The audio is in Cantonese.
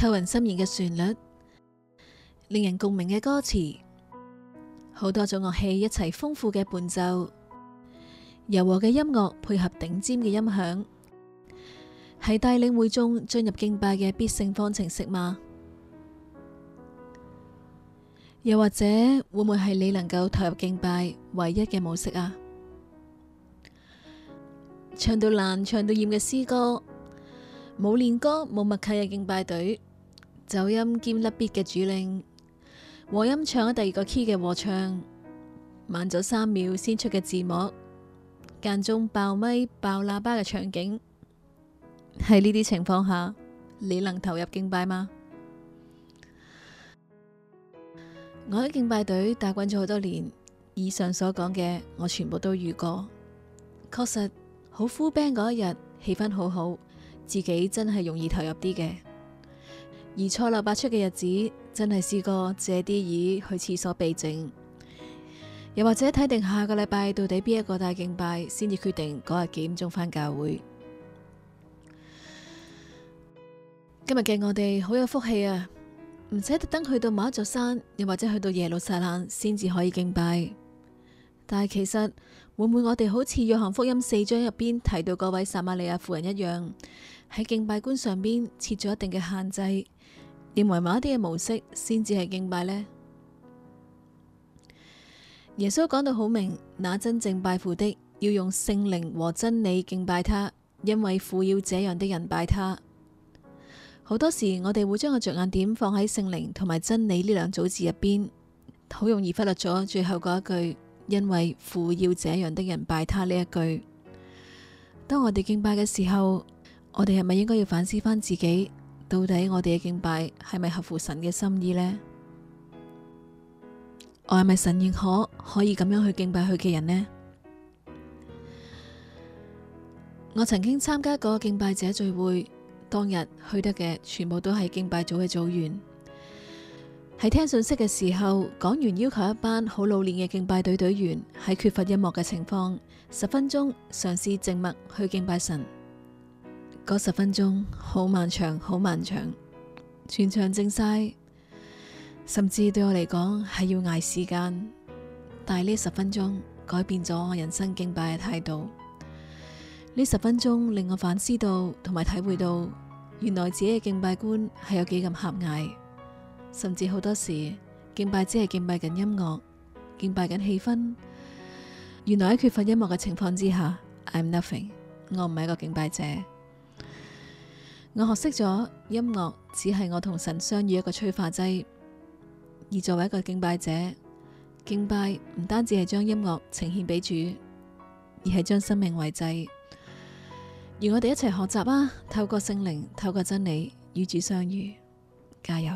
扣人心弦嘅旋律，令人共鳴嘅歌詞，好多種樂器一齊豐富嘅伴奏，柔和嘅音樂配合頂尖嘅音響，係帶領會眾進入敬拜嘅必勝方程式嗎？又或者會唔會係你能夠投入敬拜唯一嘅模式啊？唱到爛、唱到厭嘅詩歌，冇練歌、冇默契嘅敬拜隊。走音兼甩 B 嘅主令，和音唱咗第二個 key 嘅和唱，慢咗三秒先出嘅字幕，間中爆咪爆喇叭嘅場景，喺呢啲情況下，你能投入敬拜嗎？我喺敬拜隊打慣咗好多年，以上所講嘅我全部都遇過，確實好呼 b 嗰一日氣氛好好，自己真係容易投入啲嘅。而錯漏百出嘅日子，真係試過借啲椅去廁所避靜，又或者睇定下個禮拜到底邊一個大敬拜先至決定嗰日幾點鐘返教會。今日嘅我哋好有福氣啊，唔使特登去到某一座山，又或者去到耶路撒冷先至可以敬拜。但係其實會唔會我哋好似約翰福音四章入邊提到嗰位撒瑪利亞婦人一樣，喺敬拜觀上邊設咗一定嘅限制，認為某一啲嘅模式先至係敬拜呢？耶穌講到好明，那真正拜父的要用聖靈和真理敬拜他，因為父要這樣的人拜他。好多時我哋會將個着眼點放喺聖靈同埋真理呢兩組字入邊，好容易忽略咗最後嗰一句。因為父要這樣的人拜他，呢一句，當我哋敬拜嘅時候，我哋係咪應該要反思返自己，到底我哋嘅敬拜係咪合乎神嘅心意呢？我係咪神認可可以咁樣去敬拜佢嘅人呢？我曾經參加過敬拜者聚會，當日去得嘅全部都係敬拜組嘅組員。喺聽信息嘅時候，講完要求一班好老練嘅敬拜隊隊員喺缺乏音樂嘅情況，十分鐘嘗試靜默去敬拜神。嗰十分鐘好漫長，好漫長，全場靜晒，甚至對我嚟講係要挨時間。但係呢十分鐘改變咗我人生敬拜嘅態度。呢十分鐘令我反思到同埋體會到，原來自己嘅敬拜觀係有幾咁狹隘。甚至好多時敬拜只係敬拜緊音樂，敬拜緊氣氛。原來喺缺乏音樂嘅情況之下，I'm nothing，我唔係一個敬拜者。我學識咗音樂，只係我同神相遇一個催化劑。而作為一個敬拜者，敬拜唔單止係將音樂呈獻俾主，而係將生命為祭。而我哋一齊學習啊！透過聖靈，透過真理與主相遇，加油！